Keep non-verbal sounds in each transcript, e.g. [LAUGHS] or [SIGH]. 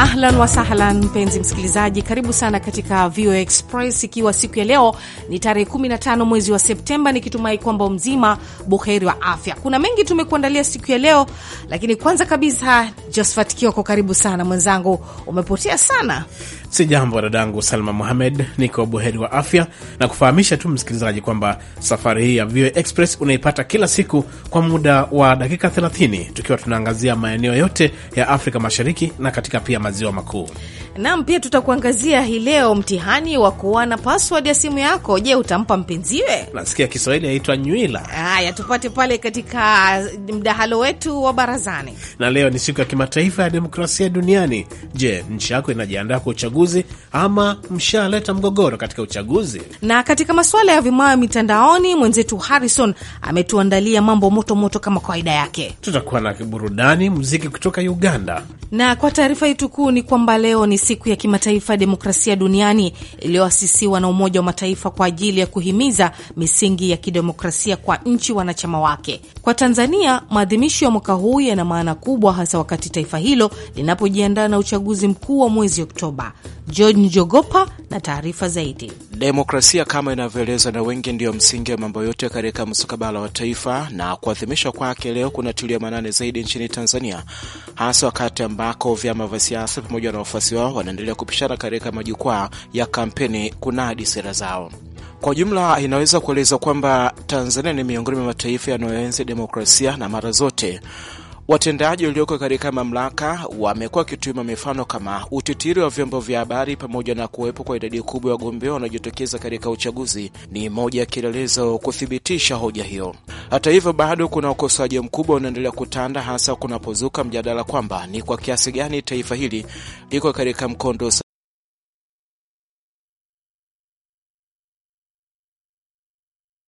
Ahlan wasahlan, mpenzi msikilizaji, karibu sana katika VOA Express, ikiwa siku ya leo ni tarehe 15 mwezi wa Septemba, nikitumai kwamba mzima buheri wa afya. Kuna mengi tumekuandalia siku ya leo, lakini kwanza kabisa, Josephat Kioko, karibu sana mwenzangu, umepotea sana. Si jambo dadangu Salma muhamed niko buheri wa afya na kufahamisha tu msikilizaji kwamba safari hii ya VOA Express unaipata kila siku kwa muda wa dakika 30 tukiwa tunaangazia maeneo yote ya Afrika Mashariki na katika pia maziwa makuu. Nam, pia tutakuangazia hii leo mtihani wa kuwana password ya simu yako. Je, utampa mpenziwe? Nasikia Kiswahili yaitwa nywila. Haya, tupate pale katika mdahalo wetu wa barazani. Na leo ni siku ya kimataifa ya demokrasia duniani. Je, nchi yako inajiandaa kwa uchaguzi ama mshaleta mgogoro katika uchaguzi? Na katika masuala ya vimayo mitandaoni, mwenzetu Harrison ametuandalia mambo moto moto kama kawaida yake. Tutakuwa na burudani, muziki kutoka Uganda, na kwa taarifa yetu kuu ni kwamba leo ni siku ya kimataifa ya demokrasia duniani iliyoasisiwa na Umoja wa Mataifa kwa ajili ya kuhimiza misingi ya kidemokrasia kwa nchi wanachama wake. Kwa Tanzania, maadhimisho ya mwaka huu yana maana kubwa, hasa wakati taifa hilo linapojiandaa na uchaguzi mkuu wa mwezi Oktoba. George Njogopa na taarifa zaidi. Demokrasia kama inavyoelezwa na wengi, ndiyo msingi wa mambo yote katika mstakabala wa taifa, na kuadhimishwa kwake leo kunatilia maanani zaidi nchini Tanzania, hasa wakati ambako vyama vya siasa Hamasi pamoja na wafuasi wao wanaendelea kupishana katika majukwaa ya kampeni kunadi sera zao. Kwa jumla inaweza kueleza kwamba Tanzania ni miongoni mwa mataifa yanayoenzi demokrasia na mara zote Watendaji walioko katika mamlaka wamekuwa wakituima mifano kama utitiri wa vyombo vya habari pamoja na kuwepo kwa idadi kubwa ya wagombea wanaojitokeza katika uchaguzi ni moja ya kielelezo kuthibitisha hoja hiyo. Hata hivyo, bado kuna ukosoaji mkubwa unaendelea kutanda, hasa kunapozuka mjadala kwamba ni kwa kiasi gani taifa hili liko katika mkondo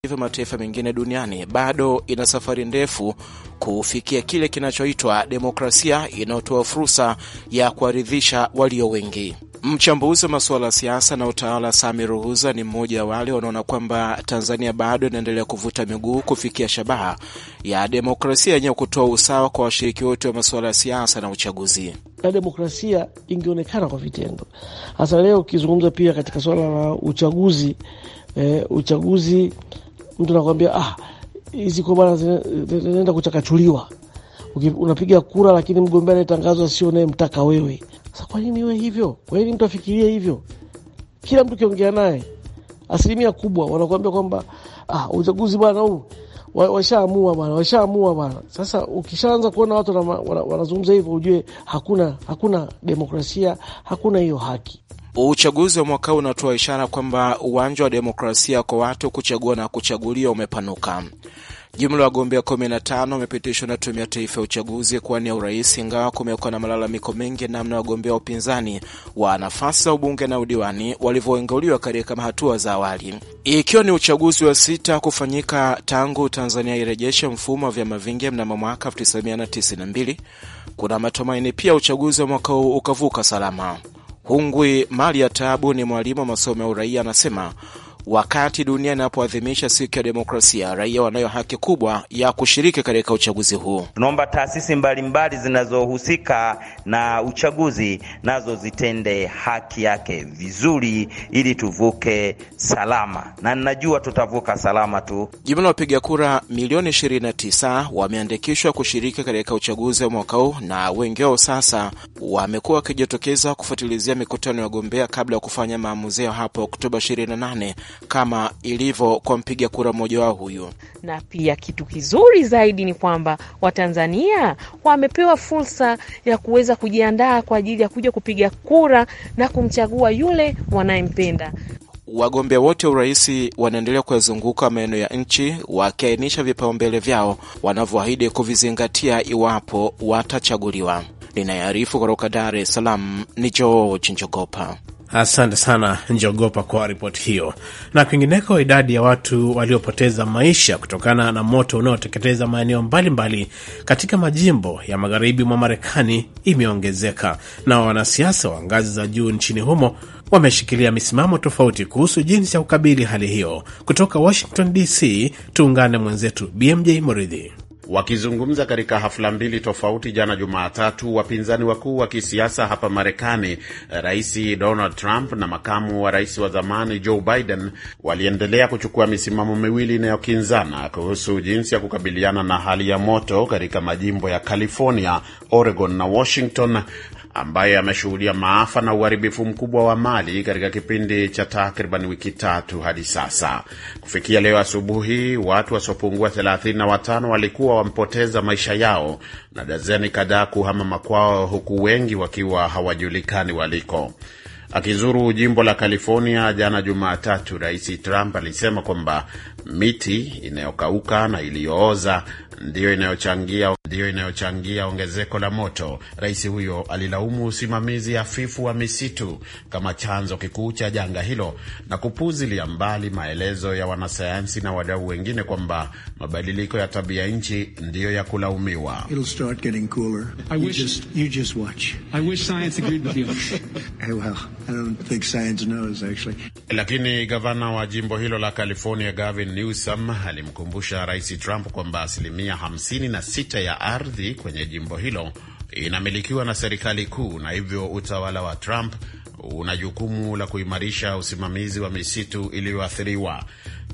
Hivyo mataifa mengine duniani bado ina safari ndefu kufikia kile kinachoitwa demokrasia inayotoa fursa ya kuwaridhisha walio wengi. Mchambuzi wa masuala ya siasa na utawala Sami Ruhuza ni mmoja wa wale wanaona kwamba Tanzania bado inaendelea kuvuta miguu kufikia shabaha ya demokrasia yenye kutoa usawa kwa washiriki wote wa masuala ya siasa na uchaguzi. Na demokrasia ingeonekana kwa vitendo, hasa leo ukizungumza pia katika suala la uchaguzi. eh, uchaguzi mtu anakuambia ah, hizi kwa bwana zinaenda kuchakachuliwa. Unapiga kura, lakini mgombea anayetangazwa sio unayemtaka wewe. Sasa kwa nini iwe hivyo? Kwa nini mtu afikirie hivyo? Kila mtu kiongea naye, asilimia kubwa wanakuambia kwamba ah, uchaguzi bwana huu washaamua bana, washaamua bana. Sasa ukishaanza kuona watu wanazungumza hivyo, ujue hakuna hakuna demokrasia, hakuna hiyo haki. Uchaguzi wa mwaka huu unatoa ishara kwamba uwanja wa demokrasia kwa watu kuchagua na kuchaguliwa umepanuka. Jumla ya wagombea 15 wamepitishwa na Tume ya Taifa ya Uchaguzi kuwania urais, ingawa kumekuwa na malalamiko mengi namna wagombea wa upinzani wa nafasi za ubunge na udiwani walivyoengeuliwa katika hatua za awali, ikiwa ni uchaguzi wa sita kufanyika tangu Tanzania irejeshe mfumo wa vyama vingi mnamo mwaka 1992. Kuna matumaini pia uchaguzi wa mwaka huu ukavuka salama. Hungwi Mali ya Tabu ni mwalimu wa masomo ya uraia, anasema Wakati dunia inapoadhimisha siku ya demokrasia, raia wanayo haki kubwa ya kushiriki katika uchaguzi huu. Tunaomba taasisi mbalimbali zinazohusika na uchaguzi nazo zitende haki yake vizuri, ili tuvuke salama, na ninajua tutavuka salama tu. Jumla wapiga kura milioni 29 wameandikishwa kushiriki katika uchaguzi wa mwaka huu, na wengi wao sasa wamekuwa wakijitokeza kufuatilizia mikutano ya wagombea kabla ya kufanya maamuzi yao hapo Oktoba 28 kama ilivyo kwa mpiga kura mmoja wao huyo. Na pia kitu kizuri zaidi ni kwamba Watanzania wamepewa fursa ya kuweza kujiandaa kwa ajili ya kuja kupiga kura na kumchagua yule wanayempenda. Wagombea wote urais wanaendelea kuyazunguka maeneo ya nchi wakiainisha vipaumbele vyao wanavyoahidi kuvizingatia iwapo watachaguliwa. Ninayarifu kutoka Dar es Salaam ni George Njogopa. Asante sana Njogopa kwa ripoti hiyo. Na kwingineko, idadi ya watu waliopoteza maisha kutokana na moto unaoteketeza maeneo mbalimbali katika majimbo ya magharibi mwa Marekani imeongezeka, na wanasiasa wa ngazi za juu nchini humo wameshikilia misimamo tofauti kuhusu jinsi ya kukabili hali hiyo. Kutoka Washington DC, tuungane mwenzetu BMJ Moridhi. Wakizungumza katika hafla mbili tofauti jana Jumatatu, wapinzani wakuu wa kisiasa hapa Marekani, Rais Donald Trump na makamu wa rais wa zamani Joe Biden, waliendelea kuchukua misimamo miwili inayokinzana kuhusu jinsi ya kukabiliana na hali ya moto katika majimbo ya California, Oregon na Washington, ambaye ameshuhudia maafa na uharibifu mkubwa wa mali katika kipindi cha takriban wiki tatu hadi sasa. Kufikia leo asubuhi, watu wasiopungua 35 walikuwa wamepoteza maisha yao na dazeni kadhaa kuhama makwao, huku wengi wakiwa hawajulikani waliko. Akizuru jimbo la California jana Jumatatu, Rais Trump alisema kwamba miti inayokauka na iliyooza ndiyo inayochangia ndiyo inayochangia ongezeko la moto. Rais huyo alilaumu usimamizi hafifu wa misitu kama chanzo kikuu cha janga hilo na kupuzilia mbali maelezo ya wanasayansi na wadau wengine kwamba mabadiliko ya tabia nchi ndiyo ya kulaumiwa. [LAUGHS] Lakini gavana wa jimbo hilo la California Gavin Newsom alimkumbusha Rais Trump kwamba asilimia asilimia 56 ya ardhi kwenye jimbo hilo inamilikiwa na serikali kuu, na hivyo utawala wa Trump una jukumu la kuimarisha usimamizi wa misitu iliyoathiriwa.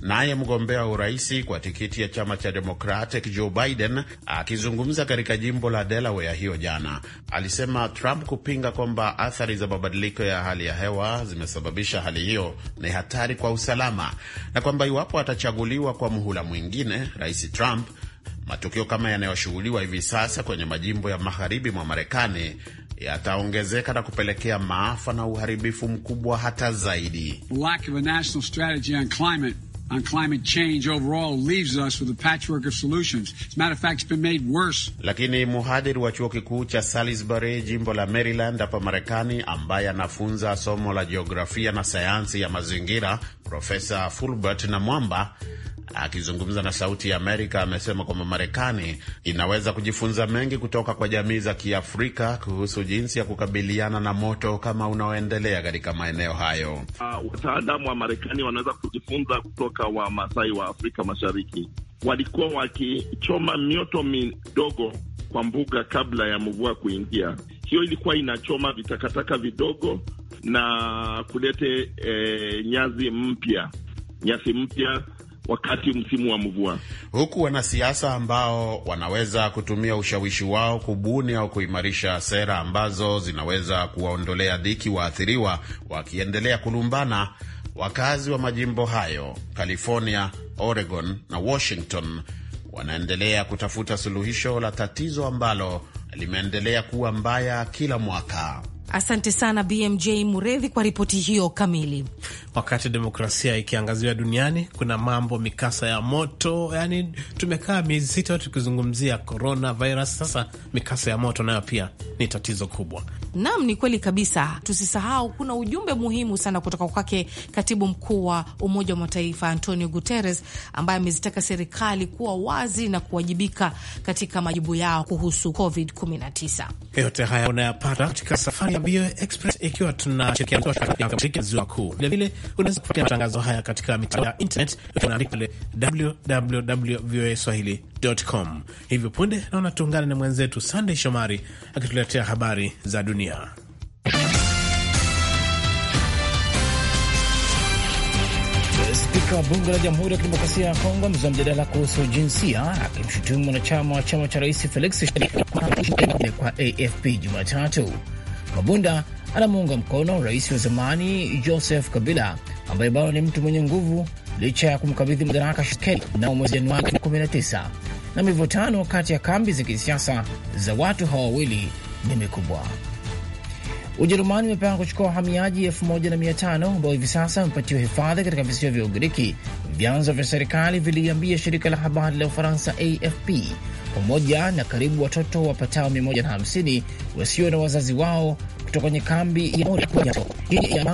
Naye mgombea wa uraisi kwa tikiti ya chama cha Democratic Joe Biden akizungumza katika jimbo la Delaware hiyo jana, alisema Trump kupinga kwamba athari za mabadiliko ya hali ya hewa zimesababisha hali hiyo ni hatari kwa usalama, na kwamba iwapo atachaguliwa kwa muhula mwingine, rais Trump Matukio kama yanayoshughuliwa hivi sasa kwenye majimbo ya magharibi mwa Marekani yataongezeka na kupelekea maafa na uharibifu mkubwa hata zaidi. Lack of a national strategy on climate on climate change overall leaves us with a patchwork of solutions. As a matter of fact, it's been made worse. Lakini muhadhiri wa chuo kikuu cha Salisbury jimbo la Maryland hapa Marekani, ambaye anafunza somo la jiografia na sayansi ya mazingira, Profesa Fulbert na Mwamba akizungumza na Sauti ya Amerika amesema kwamba Marekani inaweza kujifunza mengi kutoka kwa jamii za Kiafrika kuhusu jinsi ya kukabiliana na moto kama unaoendelea katika maeneo hayo. Uh, wataalamu wa Marekani wanaweza kujifunza kutoka kutoka wa Masai wa Afrika Mashariki walikuwa wakichoma mioto midogo kwa mbuga kabla ya mvua kuingia. Hiyo ilikuwa inachoma vitakataka vidogo na kulete e, nyazi mpya nyasi mpya wakati msimu wa mvua, huku wanasiasa ambao wanaweza kutumia ushawishi wao kubuni au kuimarisha sera ambazo zinaweza kuwaondolea dhiki waathiriwa wakiendelea kulumbana wakazi wa majimbo hayo California, Oregon na Washington wanaendelea kutafuta suluhisho la tatizo ambalo limeendelea kuwa mbaya kila mwaka. Asante sana BMJ Muredhi kwa ripoti hiyo kamili. Wakati demokrasia ikiangaziwa duniani, kuna mambo mikasa ya moto, yani tumekaa miezi sita tukizungumzia corona virus. Sasa mikasa ya moto nayo pia ni tatizo kubwa. Naam, ni kweli kabisa. Tusisahau kuna ujumbe muhimu sana kutoka kwake katibu mkuu wa Umoja wa Mataifa Antonio Guterres, ambaye amezitaka serikali kuwa wazi na kuwajibika katika majibu yao kuhusu COVID-19. Yote haya unayapata katika safari VOA Express ikiwa tunashirikiana ziwa kuu. Vilevile unaweza kufuatilia matangazo haya katika mitandao ya internet, tunaandika pale www.voaswahili.com. Hivyo punde naona tuungane na mwenzetu sandey Shomari akituletea habari za dunia. Spika wa bunge la Jamhuri ya Kidemokrasia ya Kongo amezua mjadala kuhusu jinsia, akimshutumu mwanachama wa chama cha rais Felix kwa AFP Jumatatu. Mabunda anamuunga mkono rais wa zamani Joseph Kabila ambaye bado ni mtu mwenye nguvu licha ya kumkabidhi madaraka Tshisekedi mnamo mwezi Januari 19. na mivutano kati ya kambi za kisiasa za watu hawa wawili ni mikubwa. Ujerumani imepanga kuchukua wahamiaji 1500 ambao hivi sasa wamepatiwa hifadhi katika visiwa vya Ugiriki vyanzo vya serikali viliambia shirika la habari la Ufaransa AFP pamoja na karibu watoto wapatao 150 wasio na wazazi wao kutoka kwenye kambi ya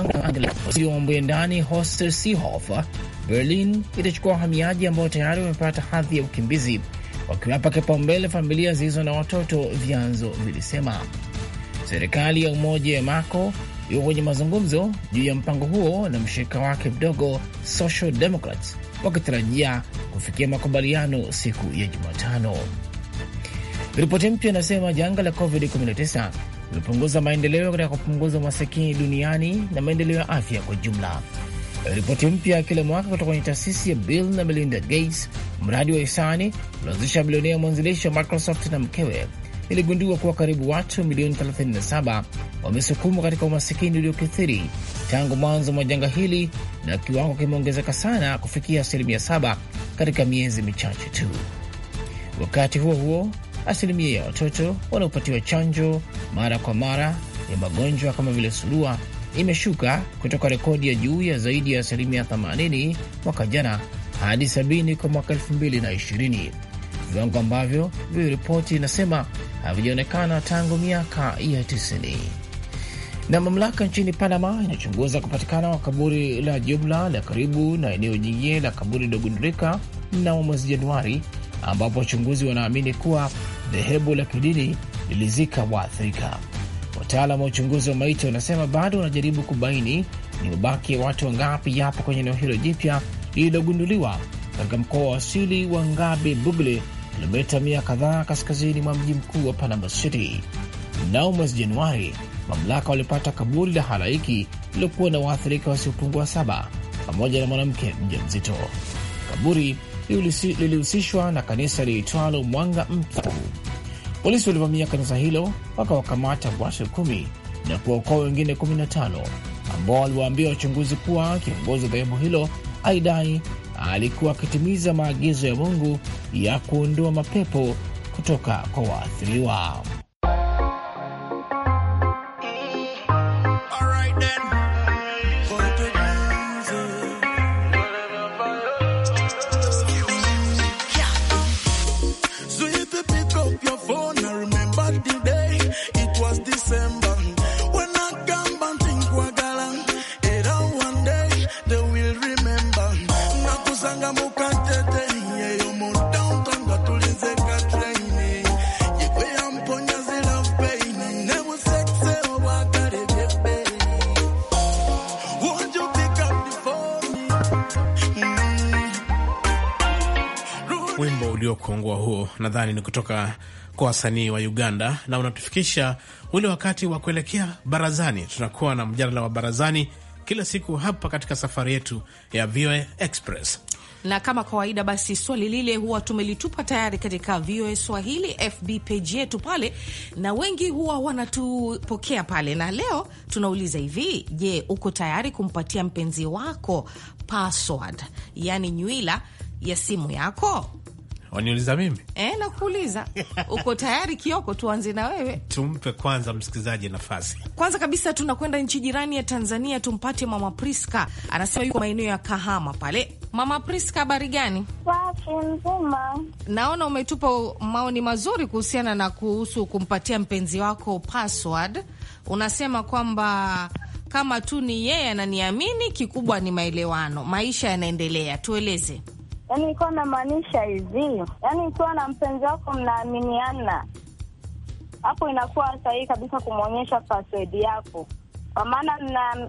mambo ya ndani Hostel Seehofer Berlin itachukua wahamiaji ambao tayari wamepata hadhi ya ukimbizi, wakiwapa kipaumbele familia zilizo na watoto, vyanzo vilisema. Serikali ya umoja ya Mako yuko kwenye mazungumzo juu ya mpango huo na mshirika wake mdogo Social Democrats, wakitarajia kufikia makubaliano siku ya Jumatano. Ripoti mpya inasema janga la COVID-19 limepunguza maendeleo katika kupunguza umasikini duniani na maendeleo ya afya kwa jumla. Ripoti mpya kila mwaka kutoka kwenye taasisi ya Bill na Melinda Gates, mradi wa hisani ulioanzisha bilionea mwanzilishi wa Microsoft na mkewe iligundua kuwa karibu watu milioni 37 wamesukumwa katika umasikini uliokithiri tangu mwanzo mwa janga hili, na kiwango kimeongezeka sana kufikia asilimia 7 katika miezi michache tu. Wakati huo huo, asilimia ya watoto wanaopatiwa chanjo mara kwa mara ya magonjwa kama vile surua imeshuka kutoka rekodi ya juu ya zaidi ya asilimia 80 mwaka jana hadi 70 kwa mwaka 2020 viwango ambavyo vile ripoti inasema havijaonekana tangu miaka ya 90. Na mamlaka nchini Panama inachunguza kupatikana kwa kaburi la jumla la karibu na eneo jingine la kaburi lililogundulika mnamo mwezi Januari, ambapo wachunguzi wanaamini kuwa dhehebu la kidini lilizika waathirika. Wataalam wa uchunguzi wa maiti wanasema bado wanajaribu kubaini ni mabaki ya watu wangapi yapo kwenye eneo hilo jipya lililogunduliwa katika mkoa wa asili wa Ngabe Bugle kilomita mia kadhaa kaskazini mwa mji mkuu wa Panama City. Mnao mwezi Januari, mamlaka walipata kaburi la halaiki liliokuwa na waathirika wasiopungua saba pamoja na mwanamke mja mzito. Kaburi lilihusishwa na kanisa liitwalo Mwanga Mpya. Polisi walivamia kanisa hilo wakawakamata watu kumi na kuwaokoa wengine 15 ambao waliwaambia wachunguzi kuwa kiongozi wa dhehebu hilo aidai alikuwa akitimiza maagizo ya Mungu ya kuondoa mapepo kutoka kwa waathiriwa. nadhani ni kutoka kwa wasanii wa Uganda, na unatufikisha ule wakati wa kuelekea barazani. Tunakuwa na mjadala wa barazani kila siku hapa katika safari yetu ya VOA Express na kama kawaida basi swali lile huwa tumelitupa tayari katika VOA Swahili FB page yetu pale, na wengi huwa wanatupokea pale. Na leo tunauliza hivi: je, uko tayari kumpatia mpenzi wako password, yani nywila ya simu yako? Waniuliza mimi eh, nakuuliza uko tayari Kioko? Tuanze na wewe, tumpe kwanza msikilizaji nafasi. Kwanza kabisa tunakwenda nchi jirani ya Tanzania, tumpate Mama Priska, anasema yuko maeneo ya Kahama pale. Mama Priska, habari gani? Safi, Naona umetupa maoni mazuri kuhusiana na kuhusu kumpatia mpenzi wako password. Unasema kwamba kama tu ni yeye ananiamini, kikubwa ni maelewano, maisha yanaendelea. Tueleze yani nilikuwa namaanisha hivi, yani ikiwa na mpenzi wako mnaaminiana, hapo inakuwa sahihi kabisa kumwonyesha password yako, kwa maana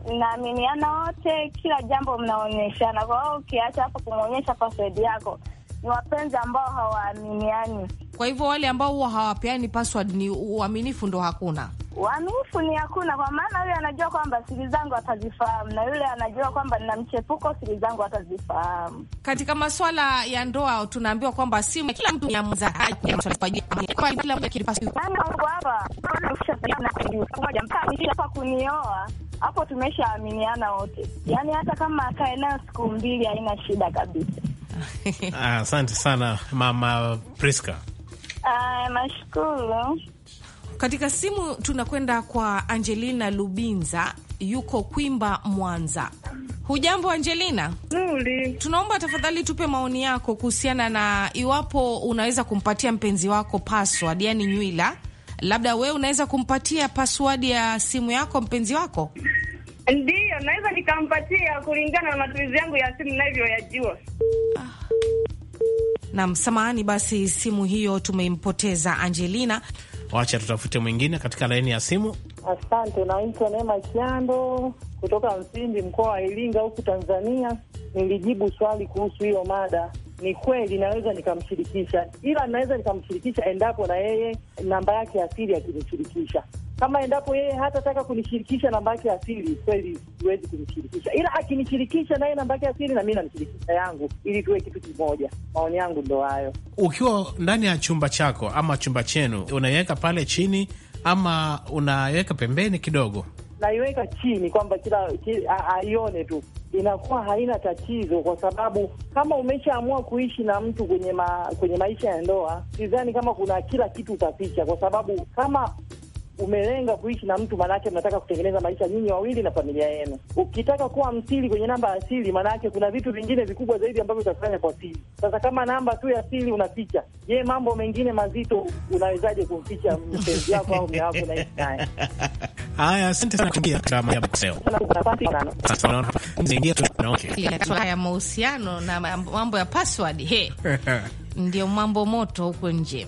mnaaminiana wote, kila jambo mnaonyeshana. Kwa hiyo ukiacha hapo kumwonyesha password yako, ni wapenzi ambao hawaaminiani. Kwa hivyo wale ambao huwa hawapeani password, ni uaminifu ndo hakuna Uaminifu ni hakuna, kwa maana yule anajua kwamba siri zangu atazifahamu, na yule anajua kwamba nina mchepuko, siri zangu atazifahamu. Katika maswala ya ndoa tunaambiwa kwamba si kila mtu kunioa hapo tumeshaaminiana wote, yaani hata kama akae nayo siku mbili haina shida kabisa. Ah, asante ah, sana Mama Priska. Ah, nashukuru. Katika simu tunakwenda kwa Angelina Lubinza, yuko Kwimba, Mwanza. Hujambo Angelina? Nzuri. Tunaomba tafadhali tupe maoni yako kuhusiana na iwapo unaweza kumpatia mpenzi wako password, yani nywila. Labda we unaweza kumpatia password ya simu yako mpenzi wako? Ndiyo, naweza nikampatia kulingana na matumizi yangu ya simu navyoyajua. Ah. Naam, samahani basi, simu hiyo tumeimpoteza Angelina. Wacha tutafute mwingine katika laini ya simu. Asante. Naitwa Neema Kiando kutoka msindi mkoa wa Iringa huku Tanzania. Nilijibu swali kuhusu hiyo mada. Ni kweli naweza nikamshirikisha, ila naweza nikamshirikisha endapo na yeye namba yake asili akinishirikisha. Kama endapo yeye hatataka kunishirikisha namba yake asili, kweli siwezi kunishirikisha, ila akinishirikisha naye namba yake asili, na mi namshirikisha yangu, ili tuwe kitu kimoja. Maoni yangu ndo hayo. Ukiwa ndani ya chumba chako ama chumba chenu, unaiweka pale chini ama unaweka pembeni kidogo? Naiweka chini kwamba kila aione tu, inakuwa haina tatizo, kwa sababu kama umeshaamua kuishi na mtu kwenye ma, kwenye maisha ya ndoa, sidhani kama kuna kila kitu utaficha, kwa sababu kama umelenga kuishi na mtu, maanake mnataka kutengeneza maisha nyinyi wawili na familia yenu. Ukitaka kuwa msiri kwenye namba ya siri, maanake kuna vitu vingine vikubwa zaidi ambavyo utafanya kwa siri. Sasa kama namba tu ya siri unaficha, je, mambo mengine mazito unawezaje kumficha mpenzi wako au mume wako naye? [LAUGHS] Haya, asante sana drama ya ya mahusiano na mambo ya password, he [LAUGHS] ndio mambo moto huko nje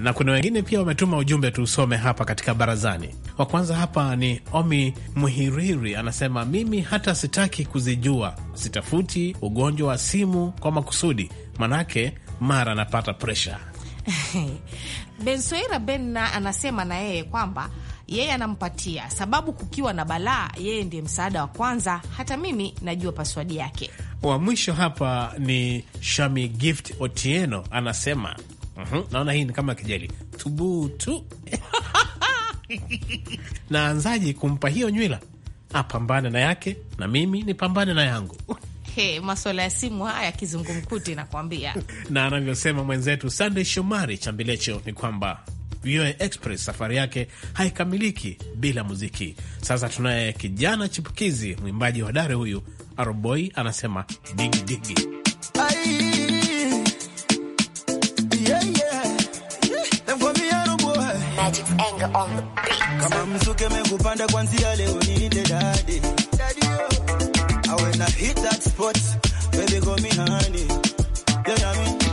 na kuna wengine pia wametuma ujumbe tuusome hapa katika barazani. Wa kwanza hapa ni Omi Muhiriri, anasema mimi hata sitaki kuzijua, sitafuti ugonjwa wa simu kwa makusudi, manake mara anapata presha. Bensoira Benna anasema na yeye kwamba yeye anampatia sababu, kukiwa na balaa yeye ndiye msaada wa kwanza. Hata mimi najua paswadi yake. Wa mwisho hapa ni Shami Gift Otieno anasema Mhm. Naona hii ni kama kijeli tubutu [LAUGHS] naanzaje kumpa hiyo nywila? Apambane na yake na mimi nipambane na yangu. [LAUGHS] Hey, maswala ya simu haya kizungumkuti nakwambia. [LAUGHS] Na anavyosema mwenzetu Sandey Shomari Chambilecho ni kwamba VOA Express safari yake haikamiliki bila muziki. Sasa tunaye kijana chipukizi mwimbaji hodari huyu Aroboi anasema digidigi digi. Magic's anger on the beat. Kama msuke mekupanda kwanzia leo niite daddy. Daddy yo. I wanna hit that spot. Baby go me honey. Yeah, I mean.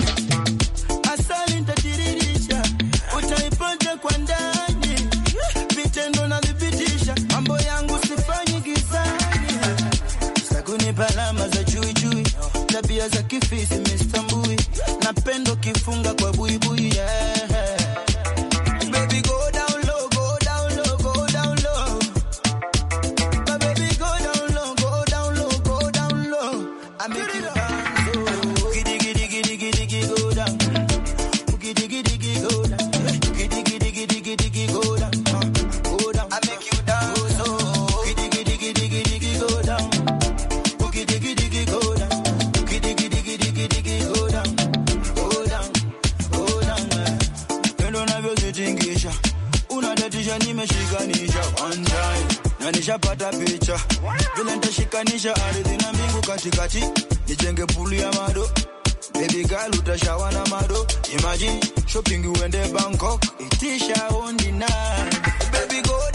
nitaunganisha ardhi na mbingu katikati, nijenge pulu ya mado. Baby girl utashawa na mado. Imagine shopping uende Bangkok, itisha ondi na baby god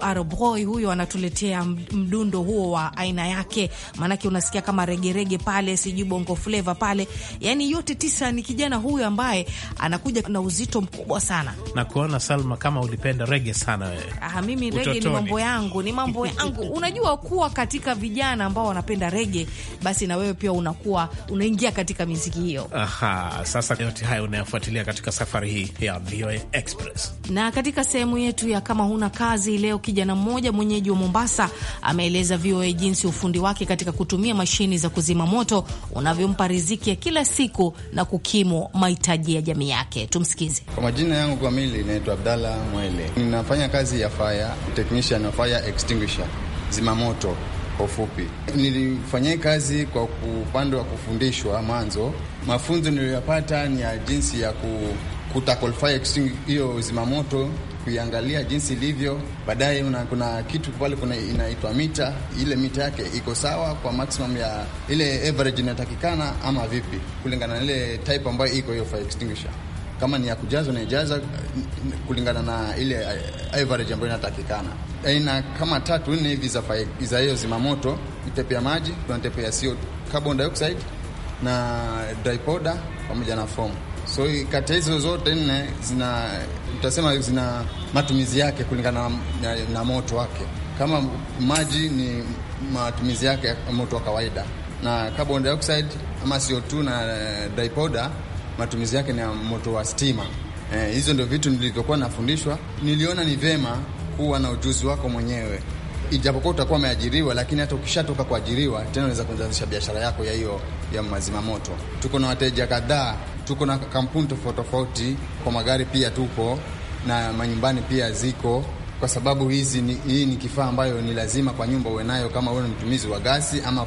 Arab Boy huyo anatuletea mdundo huo wa aina yake, maanake unasikia kama regerege pale, sijui bongo fleva pale, yani yote tisa ni kijana huyu ambaye anakuja na uzito mkubwa sana. Na kuona Salma, kama ulipenda rege sana wewe. Ah, mimi rege ni mambo yangu, ni mambo yangu. [LAUGHS] Unajua kuwa katika vijana ambao wanapenda rege, basi na wewe pia unakuwa unaingia katika miziki hiyo. Aha, sasa yote haya unayofuatilia katika safari hii ya VOA Express. Na katika sehemu yetu ya kama huna kazi leo, kijana mmoja mwenyeji wa Mombasa ameeleza VOA jinsi ufundi wake katika kutumia mashini za kuzima moto unavyompa riziki ya kila siku na kukimu mahitaji ya jamii yake. Tumsikize. Kwa majina yangu kamili inaitwa Abdalla Mwele, ninafanya kazi ya fire technician na fire extinguisher, zima moto kwa ufupi. Nilifanyia kazi kwa upande wa kufundishwa mwanzo. Mafunzo niliyoyapata ni ya jinsi ya kuta hiyo zimamoto kuiangalia jinsi ilivyo. Baadaye kuna kitu pale kuna inaitwa mita, ile mita yake iko sawa kwa maximum ya ile average inatakikana ama vipi, kulingana na ile type ambayo iko hiyo fire extinguisher kama ni ya kujaza unaijaza kulingana na ile average ambayo inatakikana. Aina eh, kama tatu nne hivi za hiyo zimamoto: tepe ya maji, kuna tepe ya CO, carbon dioxide na dry powder pamoja na foam. So kati hizo zote nne zina utasema zina matumizi yake kulingana na, na, na moto wake. Kama maji ni matumizi yake ya moto wa kawaida, na carbon dioxide ama CO2 na eh, dipoda matumizi yake ni ya moto wa stima. Eh, hizo ndio vitu nilivyokuwa nafundishwa. Niliona ni vema kuwa na ujuzi wako mwenyewe, ijapokuwa utakuwa umeajiriwa, lakini hata ukishatoka kuajiriwa tena unaweza kuanzisha biashara yako ya hiyo ya moto. Tuko na wateja kadhaa Tuko na kampuni tofauti tofauti, kwa magari pia tupo na manyumbani pia ziko, kwa sababu hizi ni, hii ni kifaa ambayo ni lazima kwa nyumba uwe nayo, kama wewe ni mtumizi wa gasi ama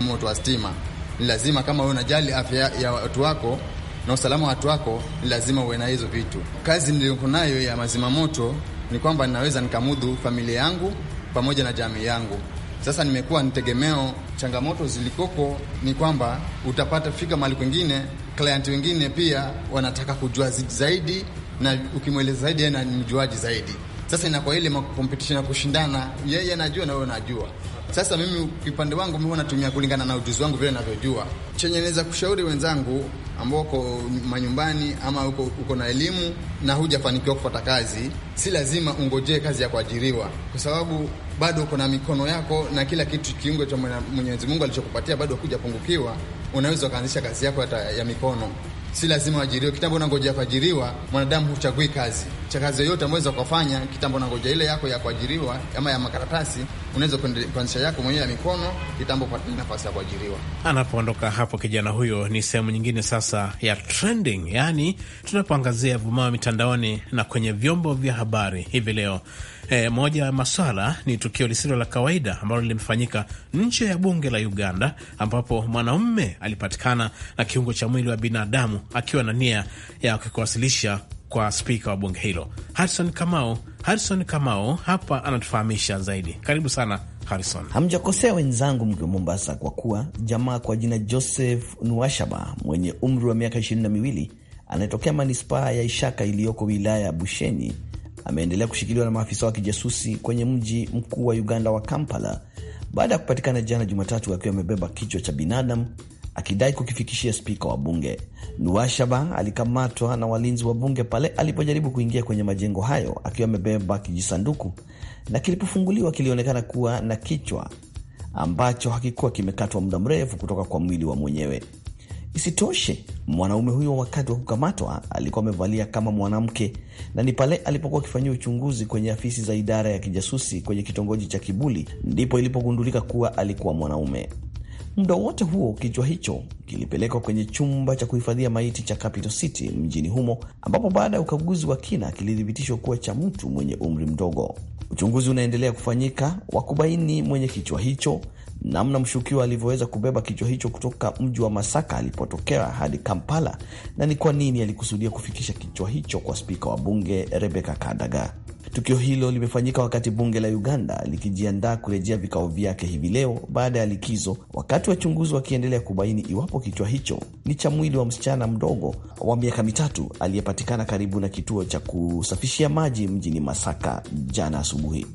moto wa stima. Ni lazima kama wewe unajali afya ya watu wako na usalama wa watu wako, ni lazima uwe na hizo vitu. Kazi niliyoko nayo ya mazima moto ni kwamba ninaweza nikamudhu familia yangu pamoja na jamii yangu. Sasa nimekuwa nitegemeo. Changamoto zilikoko ni kwamba utapata fika mahali kwengine client wengine pia wanataka kujua zaidi, na ukimweleza zaidi yeye mjuaji zaidi. Sasa inakuwa ile competition ya kushindana, yeye anajua na wewe unajua. Sasa mimi upande wangu mimi natumia kulingana na ujuzi wangu vile ninavyojua. Chenye naweza kushauri wenzangu ambao wako manyumbani ama uko, uko na elimu na hujafanikiwa kupata kazi, si lazima ungojee kazi ya kuajiriwa, kwa sababu bado uko na mikono yako na kila kitu, kiungo cha Mwenyezi Mungu alichokupatia bado hujapungukiwa unaweza ukaanzisha kazi yako hata ya mikono, si lazima uajiriwe. Kitambo unangoja kuajiriwa, mwanadamu huchagui kazi cha kazi yoyote unaweza ukafanya. Kitambo ngoja ile yako ya kuajiriwa ama ya makaratasi unaweza kuanzisha yako mwenyewe ya mikono kitambo kwa nafasi ya kuajiriwa. Anapoondoka hapo kijana huyo, ni sehemu nyingine sasa ya trending, yaani tunapoangazia vumao mitandaoni na kwenye vyombo vya habari hivi leo. E, moja ya maswala ni tukio lisilo la kawaida ambalo limefanyika nje ya bunge la Uganda, ambapo mwanaume alipatikana na kiungo cha mwili wa binadamu akiwa na nia ya kukiwasilisha kwa spika wa bunge hilo Harison Kamao. Harison Kamao hapa anatufahamisha zaidi. Karibu sana Harison. Hamjakosea wenzangu mkiwa Mombasa, kwa kuwa jamaa kwa jina Joseph Nuashaba mwenye umri wa miaka ishirini na miwili anayetokea manispaa ya Ishaka iliyoko wilaya ya Busheni ameendelea kushikiliwa na maafisa wa kijasusi kwenye mji mkuu wa Uganda wa Kampala baada ya kupatikana jana Jumatatu akiwa amebeba kichwa cha binadamu akidai kukifikishia spika wa bunge. Nuashaba alikamatwa na walinzi wa bunge pale alipojaribu kuingia kwenye majengo hayo akiwa amebeba kijisanduku, na kilipofunguliwa kilionekana kuwa na kichwa ambacho hakikuwa kimekatwa muda mrefu kutoka kwa mwili wa mwenyewe. Isitoshe, mwanaume huyo wakati wa kukamatwa alikuwa amevalia kama mwanamke, na ni pale alipokuwa akifanyia uchunguzi kwenye afisi za idara ya kijasusi kwenye kitongoji cha Kibuli ndipo ilipogundulika kuwa alikuwa mwanaume. Muda wote huo kichwa hicho kilipelekwa kwenye chumba cha kuhifadhia maiti cha Capital City mjini humo, ambapo baada ya ukaguzi wa kina kilithibitishwa kuwa cha mtu mwenye umri mdogo. Uchunguzi unaendelea kufanyika wa kubaini mwenye kichwa hicho, namna mshukiwa alivyoweza kubeba kichwa hicho kutoka mji wa Masaka alipotokea hadi Kampala, na ni kwa nini alikusudia kufikisha kichwa hicho kwa spika wa bunge Rebecca Kadaga. Tukio hilo limefanyika wakati bunge la Uganda likijiandaa kurejea vikao vyake hivi leo baada ya likizo, wakati wachunguzi wakiendelea kubaini iwapo kichwa hicho ni cha mwili wa msichana mdogo wa miaka mitatu aliyepatikana karibu na kituo cha kusafishia maji mjini Masaka jana asubuhi.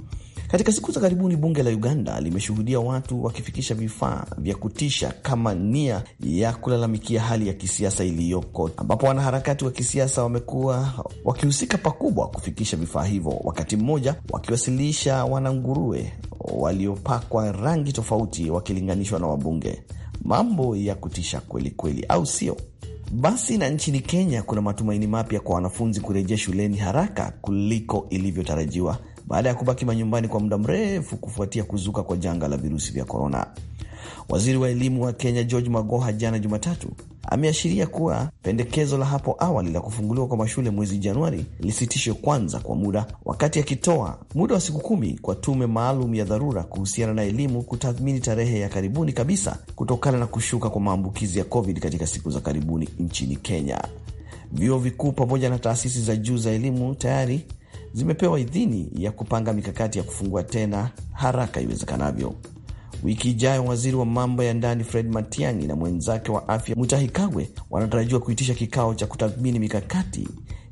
Katika siku za karibuni bunge la Uganda limeshuhudia watu wakifikisha vifaa vya kutisha kama nia ya kulalamikia hali ya kisiasa iliyoko, ambapo wanaharakati wa kisiasa wamekuwa wakihusika pakubwa kufikisha vifaa hivyo, wakati mmoja wakiwasilisha wananguruwe waliopakwa rangi tofauti wakilinganishwa na wabunge. Mambo ya kutisha kweli kweli, au sio? Basi na nchini Kenya kuna matumaini mapya kwa wanafunzi kurejea shuleni haraka kuliko ilivyotarajiwa baada ya kubaki manyumbani kwa muda mrefu kufuatia kuzuka kwa janga la virusi vya korona. Waziri wa elimu wa Kenya George Magoha jana Jumatatu ameashiria kuwa pendekezo la hapo awali la kufunguliwa kwa mashule mwezi Januari lisitishwe kwanza kwa muda, wakati akitoa muda wa siku kumi kwa tume maalum ya dharura kuhusiana na elimu kutathmini tarehe ya karibuni kabisa kutokana na kushuka kwa maambukizi ya COVID katika siku za karibuni nchini Kenya. Vyuo vikuu pamoja na taasisi za juu za elimu tayari zimepewa idhini ya kupanga mikakati ya kufungua tena haraka iwezekanavyo. Wiki ijayo waziri wa mambo ya ndani Fred Matiang'i na mwenzake wa afya Mutahi Kagwe wanatarajiwa kuitisha kikao cha kutathmini mikakati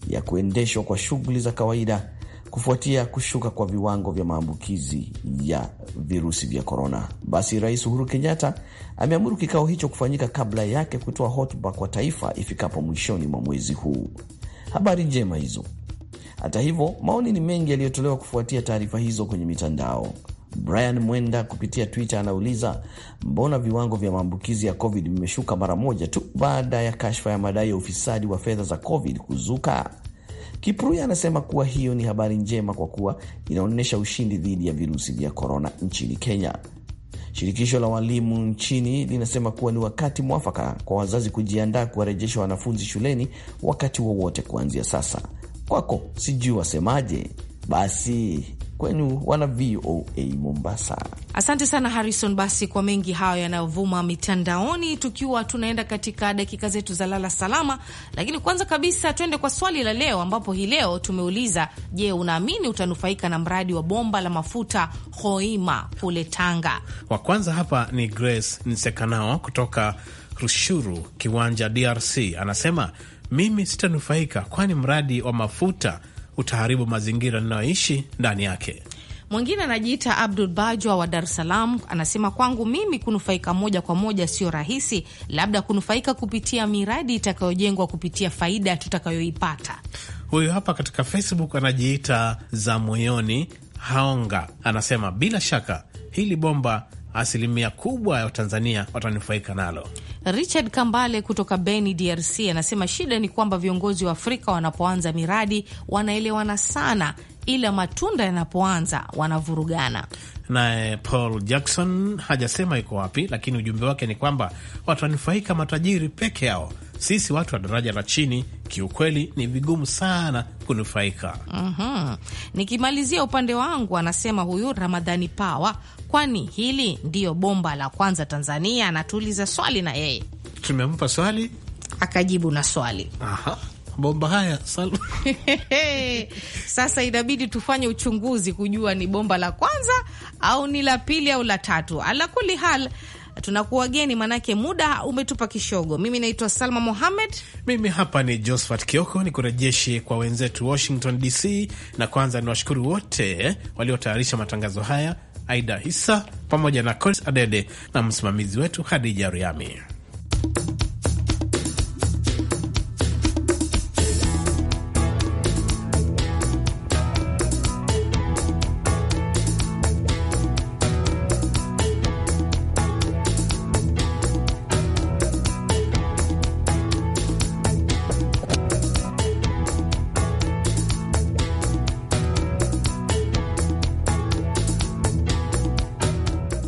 ya kuendeshwa kwa shughuli za kawaida kufuatia kushuka kwa viwango vya maambukizi ya virusi vya korona. Basi Rais Uhuru Kenyatta ameamuru kikao hicho kufanyika kabla yake kutoa hotuba kwa taifa ifikapo mwishoni mwa mwezi huu. Habari njema hizo. Hata hivyo, maoni ni mengi yaliyotolewa kufuatia taarifa hizo kwenye mitandao. Brian Mwenda kupitia Twitter anauliza mbona viwango vya maambukizi ya COVID vimeshuka mara moja tu baada ya kashfa ya madai ya ufisadi wa fedha za COVID kuzuka? Kipruya anasema kuwa hiyo ni habari njema kwa kuwa inaonyesha ushindi dhidi ya virusi vya korona nchini Kenya. Shirikisho la walimu nchini linasema kuwa ni wakati mwafaka kwa wazazi kujiandaa kuwarejesha wanafunzi shuleni wakati wowote kuanzia sasa kwako, sijui wasemaje. Basi kwenu wana VOA Mombasa, asante sana Harrison. Basi kwa mengi hayo yanayovuma mitandaoni, tukiwa tunaenda katika dakika zetu za lala salama, lakini kwanza kabisa tuende kwa swali la leo, ambapo hii leo tumeuliza, je, unaamini utanufaika na mradi wa bomba la mafuta Hoima kule Tanga? Wa kwanza hapa ni Grace Nsekanao kutoka Rushuru Kiwanja, DRC, anasema mimi sitanufaika, kwani mradi wa mafuta utaharibu mazingira ninayoishi ndani yake. Mwingine anajiita Abdul Bajwa wa Dar es Salaam, anasema kwangu mimi kunufaika moja kwa moja sio rahisi, labda kunufaika kupitia miradi itakayojengwa kupitia faida tutakayoipata. Huyu hapa katika Facebook anajiita za moyoni Haonga, anasema bila shaka hili bomba asilimia kubwa ya Watanzania watanufaika nalo. Richard Kambale kutoka Beni, DRC, anasema shida ni kwamba viongozi wa Afrika wanapoanza miradi wanaelewana sana, ila matunda yanapoanza wanavurugana. Naye Paul Jackson hajasema iko wapi, lakini ujumbe wake ni kwamba watanufaika matajiri peke yao. Sisi watu wa daraja la chini kiukweli ni vigumu sana kunufaika. Mm -hmm. Nikimalizia upande wangu, anasema huyu Ramadhani Pawa kwani hili ndiyo bomba la kwanza Tanzania? Anatuuliza swali na yeye, tumempa swali akajibu na swali. Aha. Bomba haya [LAUGHS] sasa inabidi tufanye uchunguzi kujua ni bomba la kwanza au ni la pili au la tatu. Ala kuli hal, geni manake muda umetupa kishogo. Mimi naitwa Salma Mohamed, mimi hapa ni Josphat Kioko, ni kurejeshe kwa wenzetu Washington DC, na kwanza niwashukuru wote waliotayarisha matangazo haya Aida hisa pamoja na Collins Adede na msimamizi wetu Hadija Riami.